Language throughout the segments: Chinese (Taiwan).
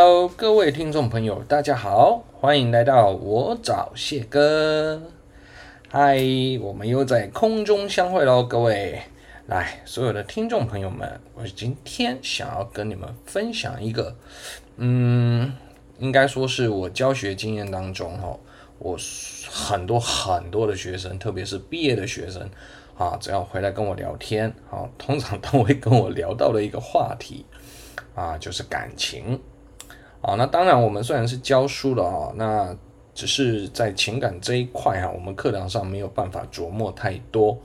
Hello，各位聽眾朋友，大家好，歡迎來到我找謝哥。嗨，我們又在空中相會嘍，各位，來，所有的聽眾朋友們，我今天想要跟你們分享一個，嗯，應該說是我教學經驗當中哦，我很多很多的學生，特別是畢業的學生啊，只要回來跟我聊天啊，通常都會跟我聊到的一個話題啊，就是感情。啊，那當然，我們雖然是教書的啊、哦，那只是在情感這一塊哈、啊，我們課堂上沒有辦法琢磨太多。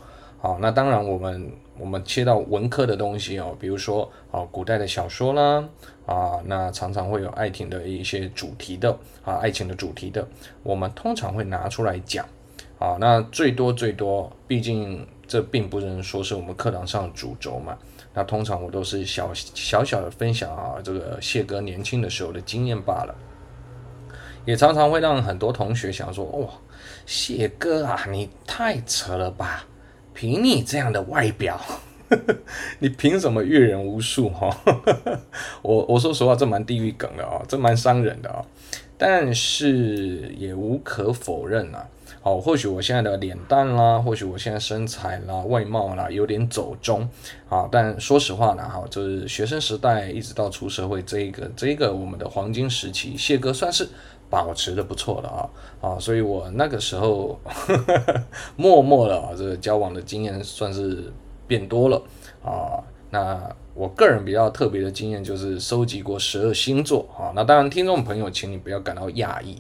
啊，那當然，我們我們切到文科的東西哦，比如說啊，古代的小說啦，啊，那常常會有愛情的一些主題的啊，愛情的主題的，我們通常會拿出來講。啊，那最多最多，畢竟這並不能說是我們課堂上主軸嘛。那通常我都是小小小的分享啊，這個謝哥年輕的時候的經驗罷了，也常常會讓很多同學想說，哇、哦，謝哥啊，你太扯了吧，憑你這樣的外表， 你憑什麼閱人無數哈， 我我說實話，這蠻地獄梗的啊、哦，這蠻傷人的啊、哦，但是也無可否認啊。好、哦，或許我現在的臉蛋啦，或許我現在身材啦、外貌啦，有點走鐘。啊，但說實話呢，哈、啊，就是學生時代一直到出社會這一個、這一個我們的黃金時期，謝哥算是保持得不錯的啊啊，所以我那個時候呵呵呵默默的、啊、這個交往的經驗算是變多了啊，那。我個人比較特別的經驗就是收集過十二星座啊，那當然聽眾朋友，請你不要感到訝異。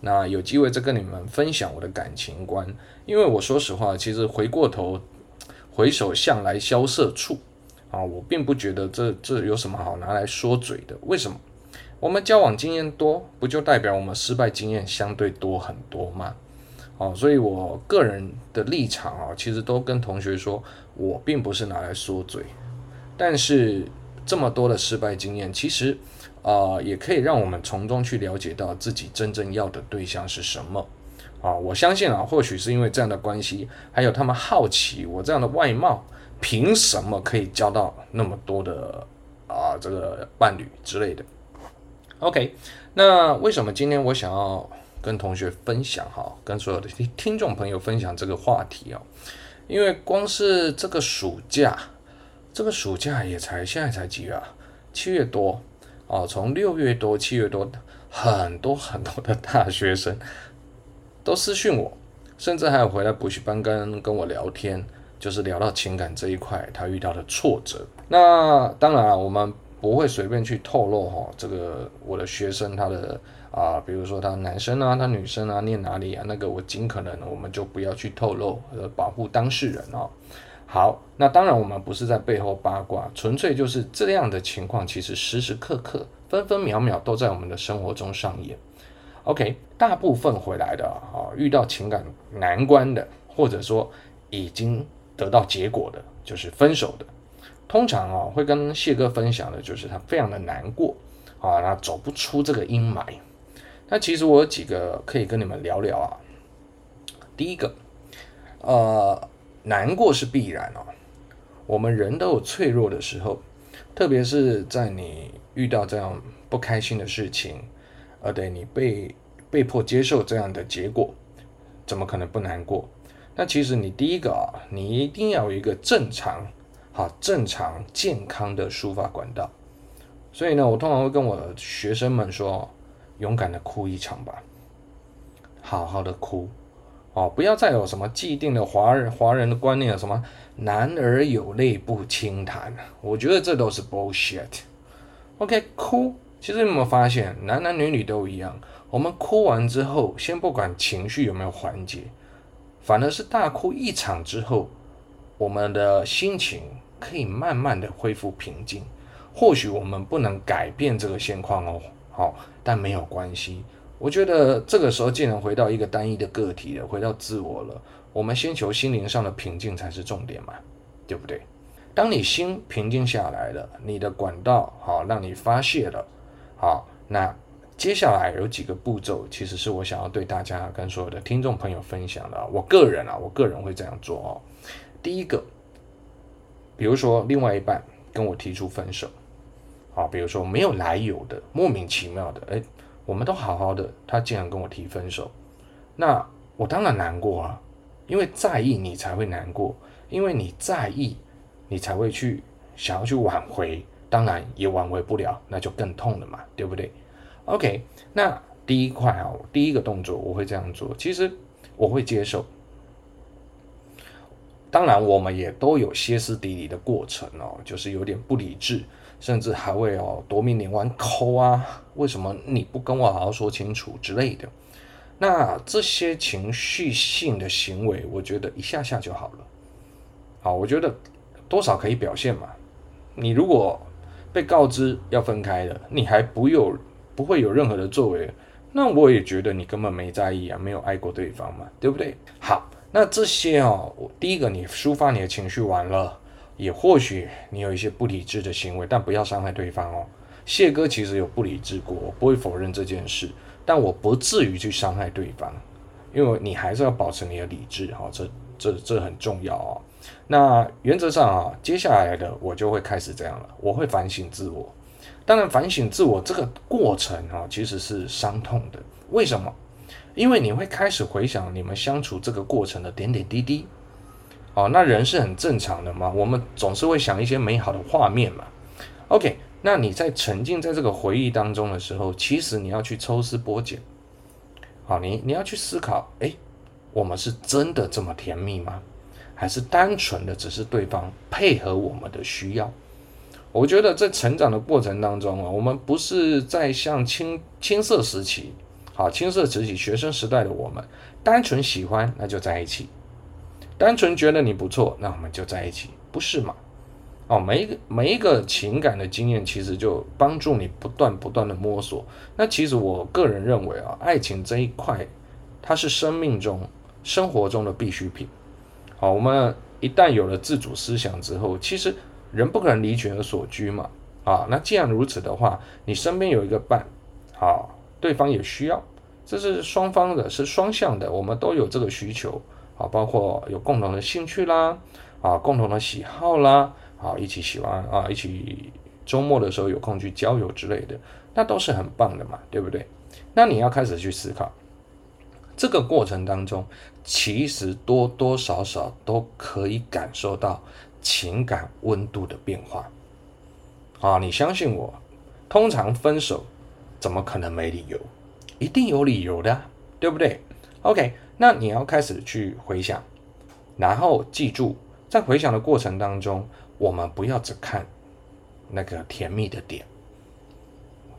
那有機會再跟你們分享我的感情觀，因為我說實話，其實回過頭，回首向來蕭瑟處啊，我並不覺得這這有什麼好拿來說嘴的。為什麼？我們交往經驗多，不就代表我們失敗經驗相對多很多嗎？哦，所以我個人的立場啊，其實都跟同學說，我並不是拿來說嘴。但是這麼多的失敗經驗，其實啊、呃，也可以讓我們從中去了解到自己真正要的對象是什麼啊！我相信啊，或許是因為這樣的關係，還有他們好奇我這樣的外貌，憑什麼可以交到那麼多的啊這個伴侶之類的。OK，那為什麼今天我想要跟同學分享哈，跟所有的聽、聽眾朋友分享這個話題啊？因為光是這個暑假。這個暑假也才現在才幾月啊？七月多哦，從六月多、七月多，很多很多的大學生都私訊我，甚至還有回來補習班跟跟我聊天，就是聊到情感這一塊，他遇到的挫折。那當然了，我們不會隨便去透露哈、哦，這個我的學生他的啊、呃，比如說他男生啊，他女生啊，念哪裡啊，那個我盡可能我們就不要去透露，保護當事人哦。好，那當然我們不是在背後八卦，純粹就是這樣的情況，其實時時刻刻、分分秒秒都在我們的生活中上演。OK，大部分回來的啊，遇到情感難關的，或者說已經得到結果的，就是分手的，通常啊、哦、會跟謝哥分享的就是他非常的難過啊，他走不出這個陰霾。那其實我有幾個可以跟你們聊聊啊，第一個，呃。難過是必然哦，我們人都有脆弱的時候，特別是在你遇到這樣不開心的事情，而對你被被迫接受這樣的結果，怎麼可能不難過？那其實你第一個啊，你一定要有一個正常、好正常、健康的抒發管道。所以呢，我通常會跟我學生們說：“勇敢的哭一場吧，好好的哭。”哦，不要再有什麼既定的華人華人的觀念，什麼男兒有淚不輕彈，我覺得這都是 bullshit。OK，哭、cool，其實你有沒有發現，男男女女都一樣，我們哭完之後，先不管情緒有沒有緩解，反而是大哭一場之後，我們的心情可以慢慢的恢復平靜。或許我們不能改變這個現況哦，好、哦，但沒有關係。我覺得這個時候，既然回到一個單一的個體了，回到自我了，我們先求心靈上的平靜才是重點嘛，對不對？當你心平靜下來了，你的管道好讓你發洩了，好，那接下來有幾個步驟，其實是我想要對大家跟所有的聽眾朋友分享的。我個人啊，我個人會這樣做哦。第一個，比如說另外一半跟我提出分手，啊，比如說沒有來由的，莫名其妙的，哎。我們都好好的，他竟然跟我提分手，那我當然難過啊，因為在意你才會難過，因為你在意，你才會去想要去挽回，當然也挽回不了，那就更痛了嘛，對不對？OK，那第一塊啊、哦，第一個動作我會這樣做，其實我會接受，當然我們也都有歇斯底里的過程哦，就是有點不理智。甚至還會哦，奪命連環 call 啊！為什麼你不跟我好好說清楚之類的？那這些情緒性的行為，我覺得一下下就好了。好，我覺得多少可以表現嘛。你如果被告知要分開了，你還不有不會有任何的作為，那我也覺得你根本沒在意啊，沒有愛過對方嘛，對不對？好，那這些哦，第一個你抒發你的情緒完了。也或許你有一些不理智的行為，但不要傷害對方哦。謝哥其實有不理智過，我不會否認這件事，但我不至於去傷害對方，因為你還是要保持你的理智哈，這這這很重要啊。那原則上啊，接下來的我就會開始這樣了，我會反省自我。當然，反省自我這個過程哈，其實是傷痛的。為什麼？因為你會開始回想你們相處這個過程的點點滴滴。哦，那人是很正常的嘛，我們總是會想一些美好的畫面嘛。OK，那你在沉浸在這個回憶當中的時候，其實你要去抽絲剝繭，好、哦，你你要去思考，哎，我們是真的這麼甜蜜嗎？還是單純的只是對方配合我們的需要？我覺得在成長的過程當中啊，我們不是在像青青澀時期，好，青澀時期學生時代的我們，單純喜歡那就在一起。單純覺得你不錯，那我們就在一起，不是嘛？哦，每一個每一個情感的經驗，其實就幫助你不斷不斷的摸索。那其實我個人認為啊，愛情這一塊，它是生命中生活中的必需品。好，我們一旦有了自主思想之後，其實人不可能離群而索居嘛。啊，那既然如此的話，你身邊有一個伴，啊，對方也需要，這是雙方的，是雙向的，我們都有這個需求。啊，包括有共同的興趣啦，啊，共同的喜好啦，啊，一起喜歡啊，一起周末的時候有空去郊遊之類的，那都是很棒的嘛，對不對？那你要開始去思考，這個過程當中，其實多多少少都可以感受到情感溫度的變化。啊，你相信我，通常分手怎麼可能沒理由？一定有理由的啊，對不對？OK。那你要開始去回想，然後記住，在回想的過程當中，我們不要只看那個甜蜜的點。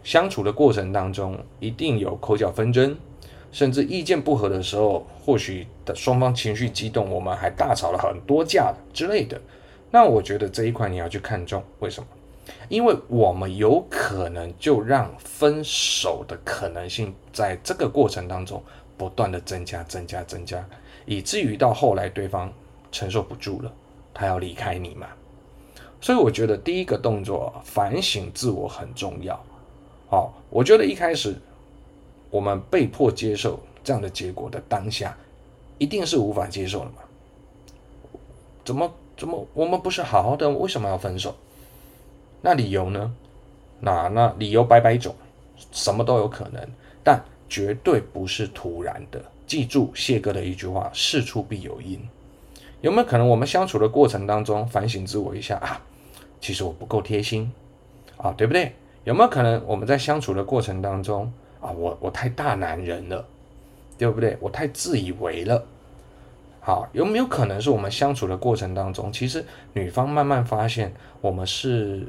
相處的過程當中，一定有口角紛爭，甚至意見不合的時候，或許的雙方情緒激動，我們還大吵了很多架之類的。那我覺得這一塊你要去看重，為什麼？因為我們有可能就讓分手的可能性在這個過程當中。不斷的增加，增加，增加，以至於到後來對方承受不住了，他要離開你嘛。所以我覺得第一個動作反省自我很重要。哦，我覺得一開始我們被迫接受這樣的結果的當下，一定是無法接受的嘛。怎麼怎麼我們不是好好的，為什麼要分手？那理由呢？那那理由百百種，什麼都有可能，但絕對不是突然的。記住謝哥的一句話：“事出必有因。”有沒有可能我們相處的過程當中，反省自我一下啊？其實我不夠貼心啊，哦，對不對？有沒有可能我們在相處的過程當中啊，我我太大男人了，對不對？我太自以為了。好，有沒有可能是我們相處的過程當中，其實女方慢慢發現我們是，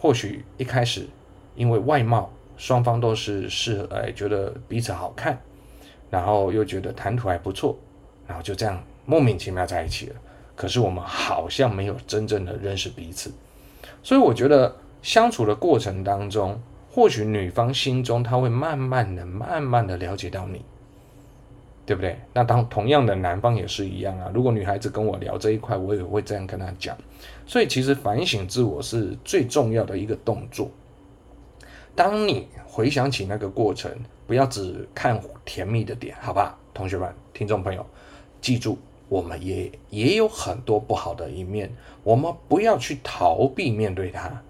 或許一開始因為外貌。雙方都是適合，哎，覺得彼此好看，然後又覺得談吐還不錯，然後就這樣莫名其妙在一起了。可是我們好像沒有真正的認識彼此，所以我覺得相處的過程當中，或許女方心中她會慢慢的、慢慢的了解到你，對不對？那當同樣的男方也是一樣啊。如果女孩子跟我聊這一塊，我也會這樣跟她講。所以其實反省自我是最重要的一個動作。當你回想起那個過程，不要只看甜蜜的點，好吧？同學們、聽眾朋友，記住，我們也也有很多不好的一面，我們不要去逃避面對它。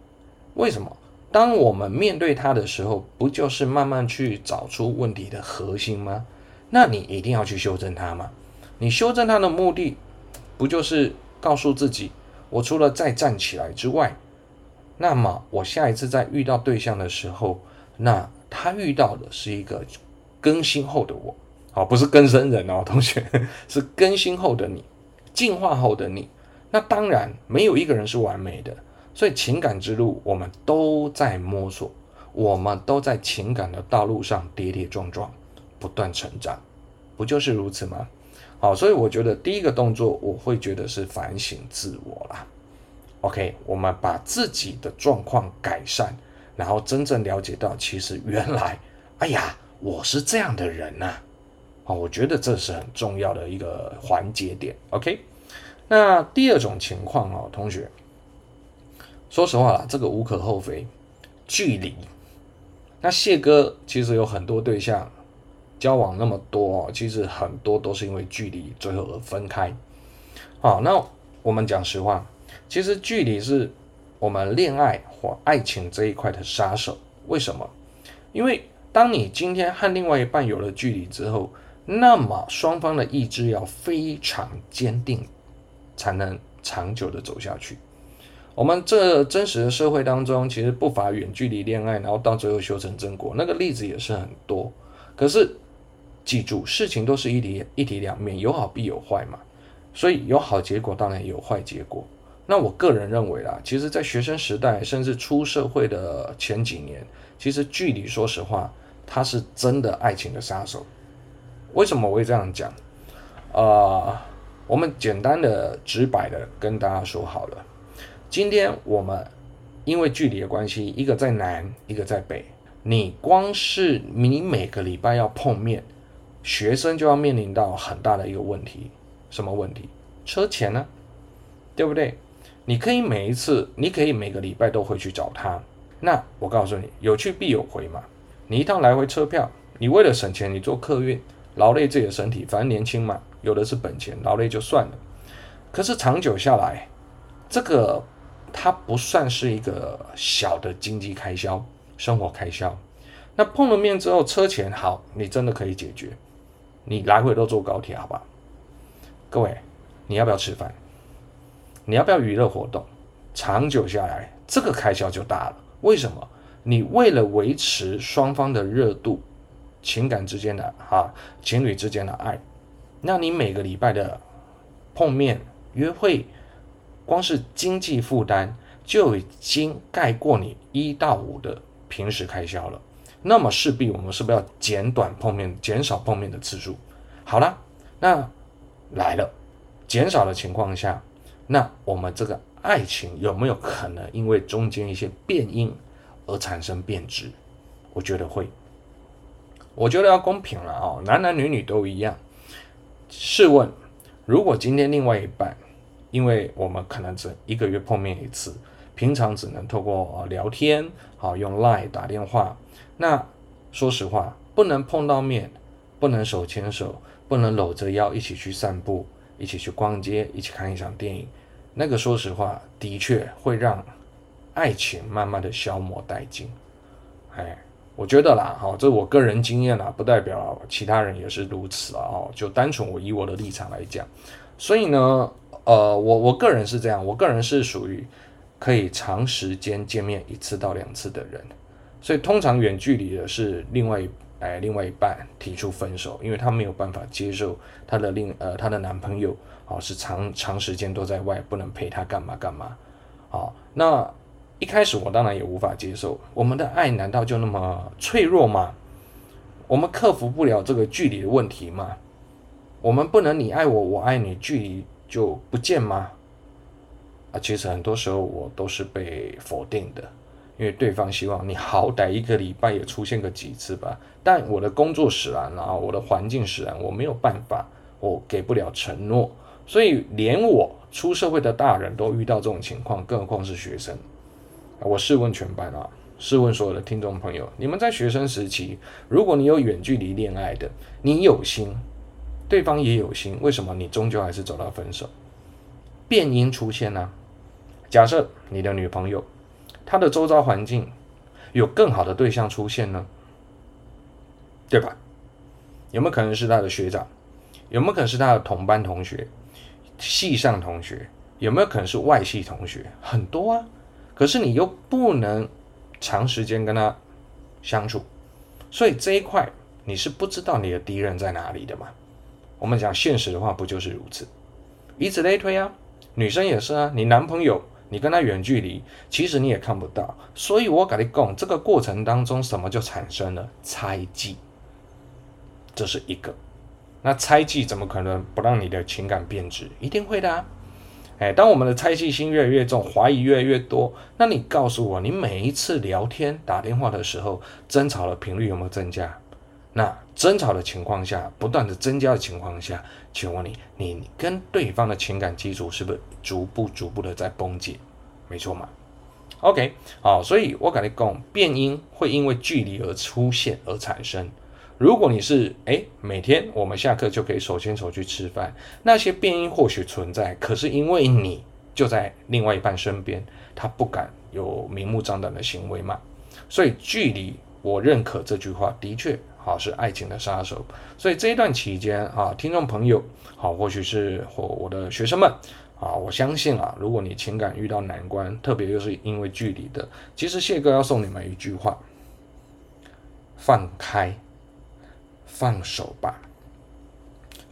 為什麼？當我們面對它的時候，不就是慢慢去找出問題的核心嗎？那你一定要去修正它嗎？你修正它的目的，不就是告訴自己，我除了再站起來之外，那麼我下一次再遇到對象的時候，那他遇到的是一個更新後的我，好，不是更生人哦，同學，是更新後的你，進化後的你。那當然沒有一個人是完美的，所以情感之路我們都在摸索，我們都在情感的道路上跌跌撞撞，不斷成長，不就是如此嗎？好，所以我覺得第一個動作我會覺得是反省自我啦。OK，我們把自己的狀況改善，然後真正了解到，其實原來，哎呀，我是這樣的人吶、啊。啊、哦，我覺得這是很重要的一個環節點。OK，那第二種情況啊、哦，同學，說實話啦，這個無可厚非，距離。那謝哥其實有很多對象交往那麼多哦，其實很多都是因為距離最後而分開。好、哦，那我們講實話。其實距離是我們戀愛或愛情這一塊的殺手。為什麼？因為當你今天和另外一半有了距離之後，那麼雙方的意志要非常堅定，才能長久的走下去。我們這真實的社會當中，其實不乏遠距離戀愛，然後到最後修成正果那個例子也是很多。可是，記住，事情都是一體一體兩面，有好必有壞嘛。所以有好結果，當然有壞結果。那我個人認為啊，其實，在學生時代，甚至出社會的前幾年，其實距離，說實話，它是真的愛情的殺手。為什麼我會這樣講？呃，我們簡單的、直白的跟大家說好了。今天我們因為距離的關係，一個在南，一個在北，你光是你每個禮拜要碰面，學生就要面臨到很大的一個問題，什麼問題？車錢呢？對不對？你可以每一次，你可以每個禮拜都回去找他。那我告訴你，有去必有回嘛。你一趟來回車票，你為了省錢，你坐客運，勞累自己的身體，反正年輕嘛，有的是本錢，勞累就算了。可是長久下來，這個它不算是一個小的經濟開銷、生活開銷。那碰了面之後，車錢好，你真的可以解決。你來回都坐高鐵，好吧？各位，你要不要吃飯？你要不要娛樂活動？長久下來，這個開銷就大了。為什麼？你為了維持雙方的熱度、情感之間的哈、啊，情侶之間的愛，那你每個禮拜的碰面、約會，光是經濟負擔就已經蓋過你一到五的平時開銷了。那麼勢必我們是不是要減短碰面，減少碰面的次數？好啦，那來了，減少的情況下。那我們這個愛情有沒有可能因為中間一些變因而產生變質？我覺得會，我覺得要公平了啊、哦，男男女女都一樣。試問，如果今天另外一半，因為我們可能只一個月碰面一次，平常只能透過聊天，好用 Line 打電話。那說實話，不能碰到面，不能手牽手，不能摟着腰一起去散步，一起去逛街，一起看一場電影，那個說實話，的確會讓愛情慢慢的消磨殆盡。哎，我覺得啦，哈、哦，這我個人經驗啦、啊，不代表其他人也是如此啊、哦。就單純我以我的立場來講，所以呢，呃，我我個人是這樣，我個人是屬於可以長時間見面一次到兩次的人，所以通常遠距離的是另外一。哎，另外一半提出分手，因為她沒有辦法接受她的另呃她的男朋友哦是長長時間都在外，不能陪她幹嘛幹嘛，好、哦，那一開始我當然也無法接受，我們的愛難道就那麼脆弱嗎？我們克服不了這個距離的問題嗎？我們不能你愛我，我愛你，距離就不見嗎？啊，其實很多時候我都是被否定的。因為對方希望你好歹一個禮拜也出現個幾次吧，但我的工作使然啊，我的環境使然、啊，我沒有辦法，我給不了承諾，所以連我出社會的大人都遇到這種情況，更何況是學生。我試問全班啊，試問所有的聽眾朋友，你們在學生時期，如果你有遠距離戀愛的，你有心，對方也有心，為什麼你終究還是走到分手？變因出現呢、啊？假設你的女朋友。他的周遭環境，有更好的對象出現呢，對吧？有沒有可能是他的學長？有沒有可能是他的同班同學、系上同學？有沒有可能是外系同學？很多啊，可是你又不能長時間跟他相處，所以這一塊你是不知道你的敵人在哪裡的嘛？我們講現實的話，不就是如此？以此類推啊，女生也是啊，你男朋友。你跟他遠距離，其實你也看不到，所以我跟你講，這個過程當中，什麼就產生了猜忌，這是一個。那猜忌怎麼可能不讓你的情感變質，一定會的啊。哎，當我們的猜忌心越來越重，懷疑越來越多，那你告訴我，你每一次聊天、打電話的時候，爭吵的頻率有沒有增加？那爭吵的情況下，不斷的增加的情況下，請問你，你跟對方的情感基礎是不是逐步逐步的在崩解？沒錯嘛。OK，好，所以我跟你講，變因會因為距離而出現而產生。如果你是哎，每天我們下課就可以手牽手去吃飯，那些變因或許存在，可是因為你就在另外一半身邊，他不敢有明目張膽的行為嘛。所以距離，我認可這句話，的確。好、啊、是愛情的殺手，所以這一段期間啊，聽眾朋友，好、啊，或許是我我的學生們啊，我相信啊，如果你情感遇到難關，特別又是因為距離的，其實謝哥要送你們一句話：放開，放手吧，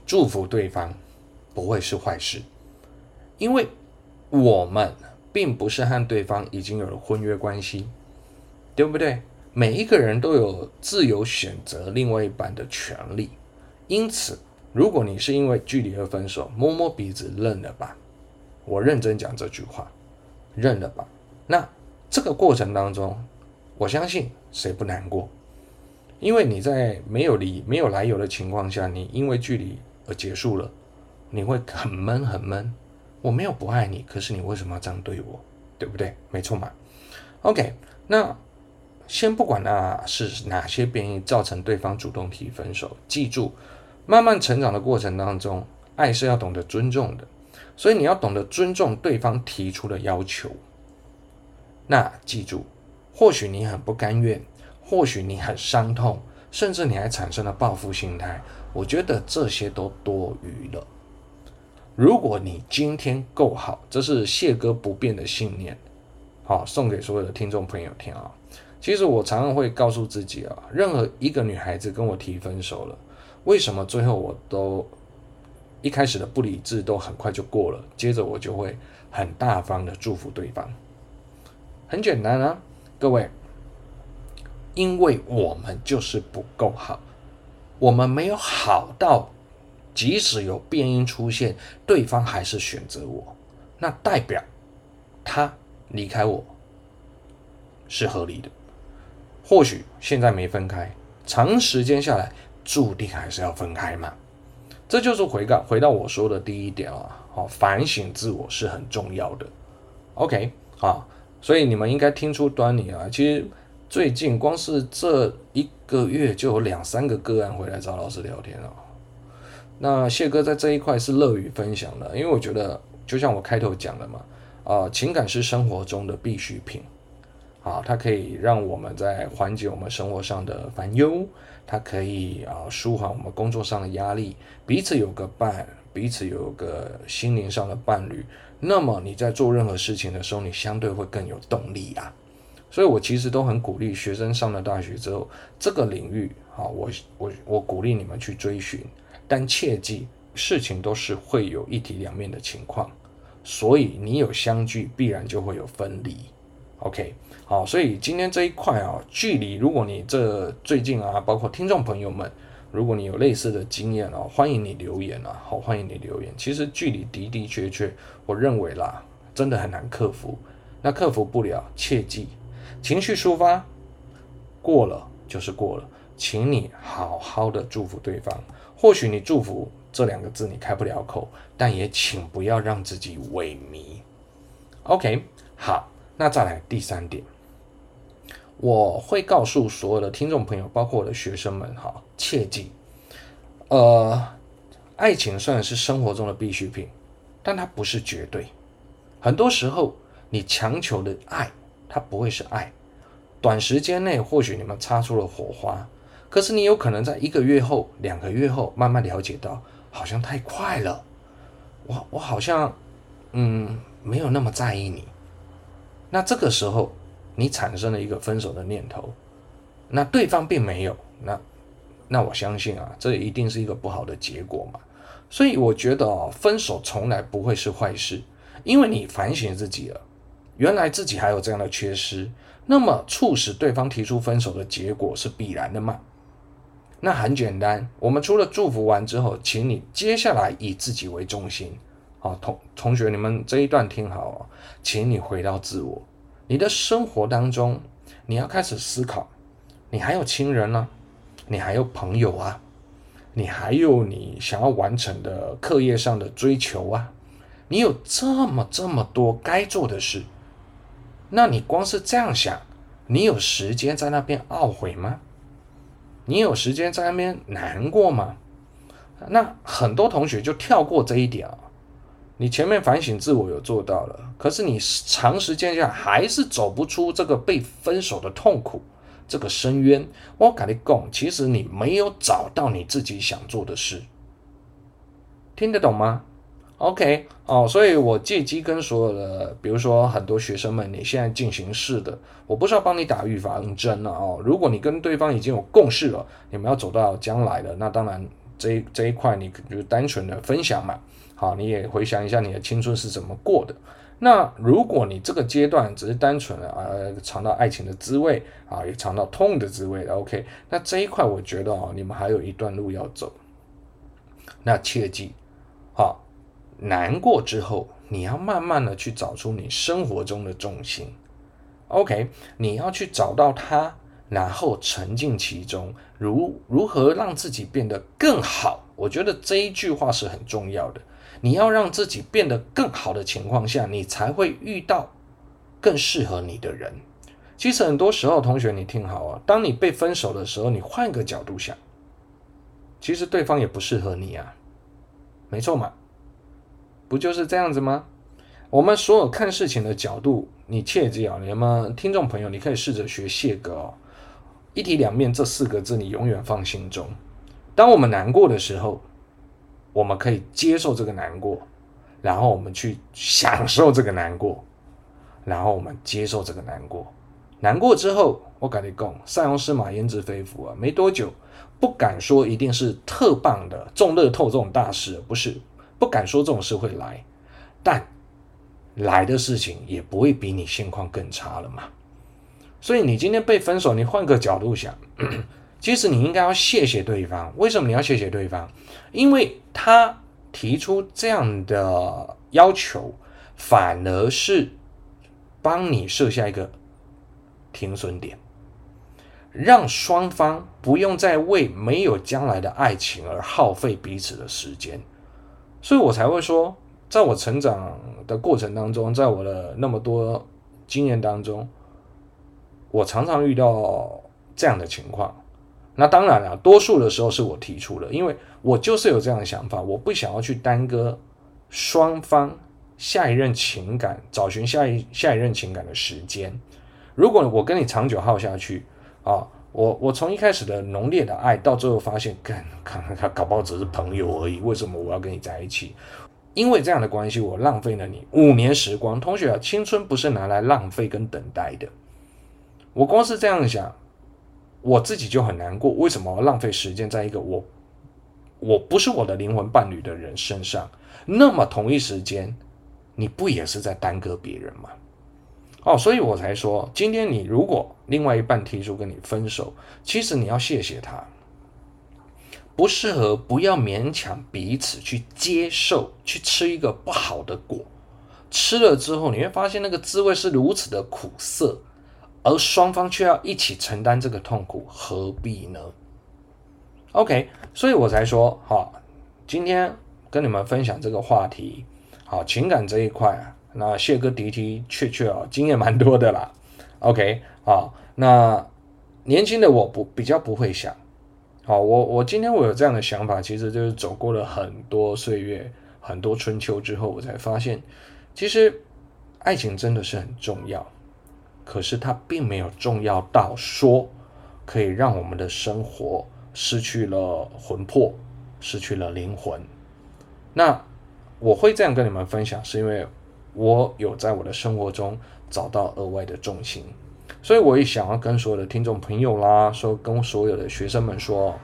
祝福對方不會是壞事，因為我們並不是和對方已經有了婚約關係，對不對？每一個人都有自由選擇另外一半的權利，因此，如果你是因為距離而分手，摸摸鼻子認了吧。我認真講這句話，認了吧。那這個過程當中，我相信誰不難過？因為你在沒有理、沒有來由的情況下，你因為距離而結束了，你會很悶、很悶。我沒有不愛你，可是你為什麼要這樣對我？對不對？沒錯嘛。OK，那。先不管那、啊、是哪些原因造成對方主動提分手，記住，慢慢成長的過程當中，愛是要懂得尊重的，所以你要懂得尊重對方提出的要求。那記住，或許你很不甘願，或許你很傷痛，甚至你還產生了報復心態，我覺得這些都多餘了。如果你今天夠好，這是謝哥不變的信念，好、哦，送給所有的聽眾朋友聽啊、哦。其實我常常會告訴自己啊，任何一個女孩子跟我提分手了，為什麼最後我都一開始的不理智都很快就過了，接着我就會很大方的祝福對方。很簡單啊，各位，因為我們就是不夠好，我們沒有好到即使有變因出現，對方還是選擇我，那代表他離開我是合理的。或許現在沒分開，長時間下來，註定還是要分開嘛。這就是回到，回到我說的第一點啊，好、哦，反省自我是很重要的。OK 啊，所以你們應該聽出端倪啊。其實最近光是這一個月就有兩三個個案回來找老師聊天了，啊。那謝哥在這一塊是樂於分享的，因為我覺得就像我開頭講的嘛，啊、呃，情感是生活中的必需品。好，它可以讓我們在緩解我們生活上的煩憂，它可以啊舒緩我們工作上的壓力，彼此有個伴，彼此有個心靈上的伴侶。那麼你在做任何事情的時候，你相對會更有動力啊。所以我其實都很鼓勵學生上了大學之後，這個領域啊，我我我鼓勵你們去追尋，但切記事情都是會有一體兩面的情況，所以你有相聚，必然就會有分離。OK，好，所以今天這一塊啊、哦，距離，如果你這最近啊，包括聽眾朋友們，如果你有類似的經驗哦，歡迎你留言啊，好、哦，歡迎你留言。其實距離的的確確，我認為啦，真的很難克服。那克服不了，切記情緒抒發過了就是過了，請你好好的祝福對方。或許你祝福這兩個字你開不了口，但也請不要讓自己萎靡。OK，好。那再來第三點，我會告訴所有的聽眾朋友，包括我的學生們哈，切記，呃，愛情雖然是生活中的必需品，但它不是絕對。很多時候，你強求的愛，它不會是愛。短時間內或許你們擦出了火花，可是你有可能在一個月後、兩個月後，慢慢了解到，好像太快了，我我好像嗯，沒有那麼在意你。那這個時候，你產生了一個分手的念頭，那對方並沒有，那那我相信啊，這一定是一個不好的結果嘛。所以我覺得哦，分手從來不會是壞事，因為你反省自己了，原來自己還有這樣的缺失，那麼促使對方提出分手的結果是必然的嘛。那很簡單，我們除了祝福完之後，請你接下來以自己為中心。好，同同學，你們這一段聽好，請你回到自我。你的生活當中，你要開始思考：你還有親人呢啊，你還有朋友啊，你還有你想要完成的課業上的追求啊，你有這麼這麼多該做的事。那你光是這樣想，你有時間在那邊懊悔嗎？你有時間在那邊難過嗎？那很多同學就跳過這一點啊。你前面反省自我有做到了，可是你長時間下還是走不出這個被分手的痛苦這個深淵。我跟你講，其實你沒有找到你自己想做的事，聽得懂嗎？OK，哦，所以我借機跟所有的，比如說很多學生們，你現在進行式的，我不是要幫你打預防針了、啊、哦。如果你跟對方已經有共識了，你們要走到將來了，那當然這這一塊你就單純的分享嘛。好，你也回想一下你的青春是怎麼過的。那如果你這個階段只是單純的啊、呃，嘗到愛情的滋味啊，也嘗到痛的滋味，OK，那這一塊我覺得哦，你們還有一段路要走。那切記，啊，難過之後，你要慢慢的去找出你生活中的重心，OK，你要去找到它，然後沉浸其中，如如何讓自己變得更好，我覺得這一句話是很重要的。你要讓自己變得更好的情況下，你才會遇到更適合你的人。其實很多時候，同學，你聽好哦，當你被分手的時候，你換一個角度想，其實對方也不適合你啊，沒錯嘛，不就是這樣子嗎？我們所有看事情的角度，你切記啊，你們聽眾朋友，你可以試着學謝哥哦，“一體兩面”這四個字，你永遠放心中。當我們難過的時候。我們可以接受這個難過，然後我們去享受這個難過，然後我們接受這個難過。難過之後，我跟你講，塞翁失馬焉知非福啊！沒多久，不敢說一定是特棒的中樂透這種大事，不是？不敢說這種事會來，但來的事情也不會比你現況更差了嘛。所以你今天被分手，你換個角度想，其實你應該要謝謝對方。為什麼你要謝謝對方？因為他提出這樣的要求，反而是幫你設下一個停損點，讓雙方不用再為沒有將來的愛情而耗費彼此的時間，所以我才會說，在我成長的過程當中，在我的那麼多經驗當中，我常常遇到這樣的情況。那當然了，啊，多數的時候是我提出的，因為我就是有這樣的想法，我不想要去耽擱雙方下一任情感，找尋下一下一任情感的時間。如果我跟你長久耗下去啊，我我從一開始的濃烈的愛，到最後發現，幹，看看他搞不好只是朋友而已。為什麼我要跟你在一起？因為這樣的關係，我浪費了你五年時光。同學啊，青春不是拿來浪費跟等待的。我光是這樣想，我自己就很難過，為什麼我浪費時間在一個我我不是我的靈魂伴侶的人身上？那麼同一時間，你不也是在耽擱別人嗎？哦，所以我才說，今天你如果另外一半提出跟你分手，其實你要謝謝他，不適合，不要勉強彼此去接受，去吃一個不好的果，吃了之後你會發現那個滋味是如此的苦澀。而雙方卻要一起承擔這個痛苦，何必呢？OK，所以我才說哈、哦，今天跟你們分享這個話題，好、哦，情感這一塊啊，那謝哥的的確確啊、哦，經驗蠻多的啦。OK，啊、哦，那年輕的我不比較不會想，好、哦，我我今天我有這樣的想法，其實就是走過了很多歲月，很多春秋之後，我才發現，其實愛情真的是很重要。可是它並沒有重要到說可以讓我們的生活失去了魂魄，失去了靈魂。那我會這樣跟你們分享，是因為我有在我的生活中找到額外的重心。所以我也想要跟所有的聽眾朋友啦，說跟所有的學生們說，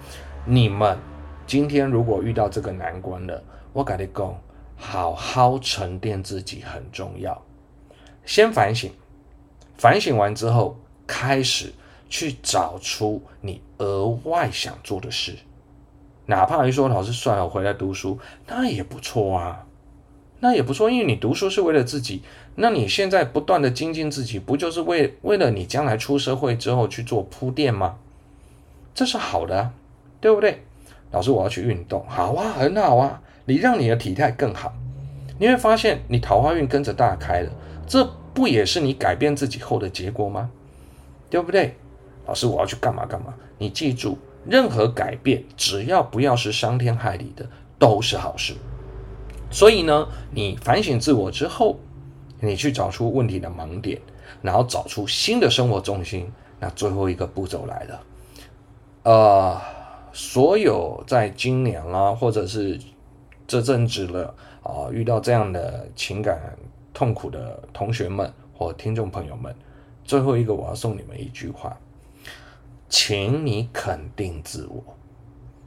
你們今天如果遇到這個難關了，我跟你講，好好沉澱自己很重要。先反省。反省完之後，開始去找出你額外想做的事，哪怕你說，老師算了，我回來讀書，那也不錯啊，那也不錯，因為你讀書是為了自己，那你現在不斷的精進自己，不就是為為了你將來出社會之後去做鋪墊嗎？這是好的啊，對不對？老師，我要去運動，好啊，很好啊，你讓你的體態更好，你會發現你桃花運跟着大開了，這。不也是你改變自己後的結果嗎？對不對？老師，我要去幹嘛幹嘛？你記住，任何改變，只要不要是傷天害理的，都是好事。所以呢，你反省自我之後，你去找出問題的盲點，然後找出新的生活重心。那最後一個步驟來了，呃，所有在今年啦、啊，或者是這陣子了啊，遇到這樣的情感，痛苦的同學們或聽眾朋友們，最後一個我要送你們一句話，請你肯定自我。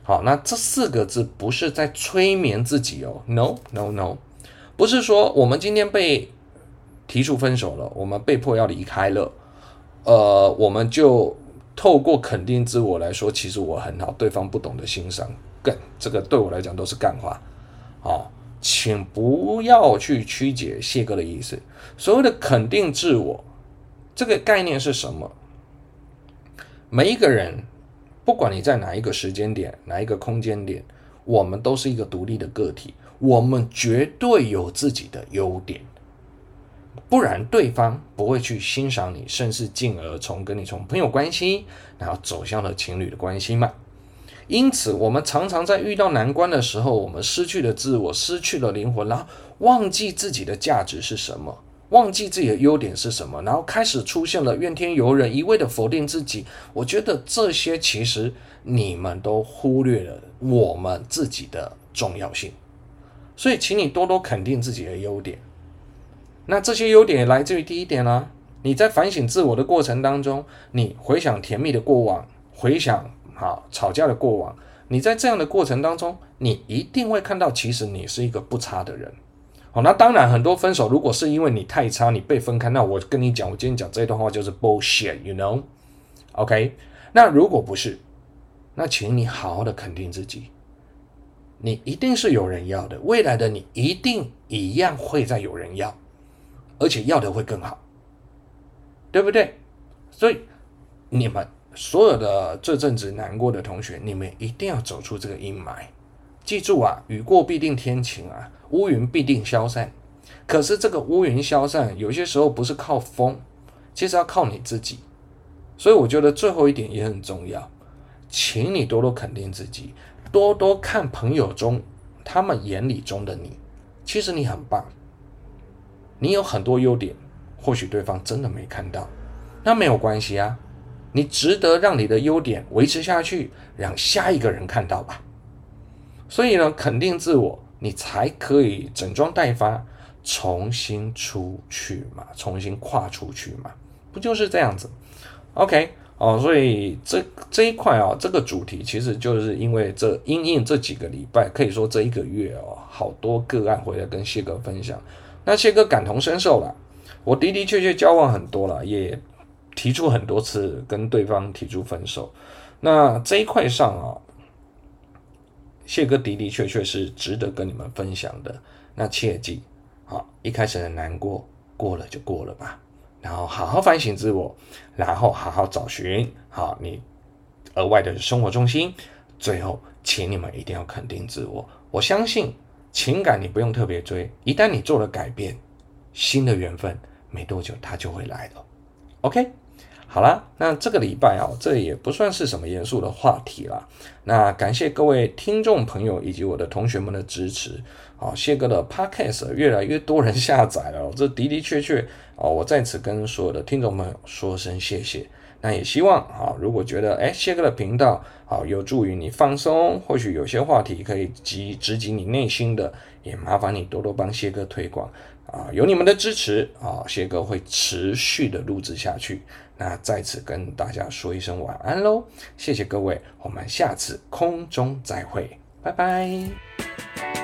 好，那這四個字不是在催眠自己哦，no no no，不是說我們今天被提出分手了，我們被迫要離開了，呃，我們就透過肯定自我來說，其實我很好，對方不懂得欣賞，這個對我來講都是幹話，好、哦請不要去曲解謝哥的意思。所謂的肯定自我，這個概念是什麼？每一個人，不管你在哪一個時間點、哪一個空間點，我們都是一個獨立的個體，我們絕對有自己的優點。不然對方不會去欣賞你，甚至進而從跟你從朋友關係，然後走向了情侶的關係嘛。因此，我們常常在遇到難關的時候，我們失去了自我，失去了靈魂，然後忘記自己的價值是什麼，忘記自己的優點是什麼，然後開始出現了怨天尤人，一味的否定自己。我覺得這些其實你們都忽略了我們自己的重要性。所以，請你多多肯定自己的優點。那這些優點也來自於第一點呢，啊？你在反省自我的過程當中，你回想甜蜜的過往，回想。好，吵架的過往，你在這樣的過程當中，你一定會看到，其實你是一個不差的人。好、哦，那當然，很多分手如果是因為你太差，你被分開，那我跟你講，我今天講這段話就是 bullshit，you know？OK？、Okay? 那如果不是，那請你好好的肯定自己，你一定是有人要的，未來的你一定一樣會再有人要，而且要的會更好，對不對？所以你們。所有的這陣子難過的同學，你們一定要走出這個陰霾。記住啊，雨過必定天晴啊，烏雲必定消散。可是這個烏雲消散，有些時候不是靠風，其實要靠你自己。所以我覺得最後一點也很重要，請你多多肯定自己，多多看朋友中他們眼裡中的你。其實你很棒，你有很多優點，或許對方真的沒看到，那沒有關係啊。你值得讓你的優點維持下去，讓下一個人看到吧。所以呢，肯定自我，你才可以整裝待發，重新出去嘛，重新跨出去嘛，不就是這樣子？OK 哦，所以這這一塊啊、哦，這個主題其實就是因為這因應這幾個禮拜，可以說這一個月哦，好多個案回來跟謝哥分享，那謝哥感同身受了，我的的確確交往很多了，也。提出很多次跟對方提出分手，那這一塊上啊、哦，謝哥的的確確是值得跟你們分享的。那切記，好，一開始很難過，過了就過了吧，然後好好反省自我，然後好好找尋好你額外的生活重心。最後，請你們一定要肯定自我。我相信情感你不用特別追，一旦你做了改變，新的緣分沒多久它就會來了。OK，好了，那這個禮拜啊、哦，這也不算是什麼嚴肅的話題了。那感謝各位聽眾朋友以及我的同學們的支持啊、哦，謝哥的 Podcast 越來越多人下載了，哦、這的的確確啊、哦，我在此跟所有的聽眾朋友說聲謝謝。那也希望啊、哦，如果覺得哎謝哥的頻道啊、哦、有助於你放鬆，或許有些話題可以及直擊你內心的，也麻煩你多多幫謝哥推廣。啊，有你們的支持啊，謝哥會持續的錄製下去。那在此跟大家說一聲晚安嘍，謝謝各位，我們下次空中再會，拜拜。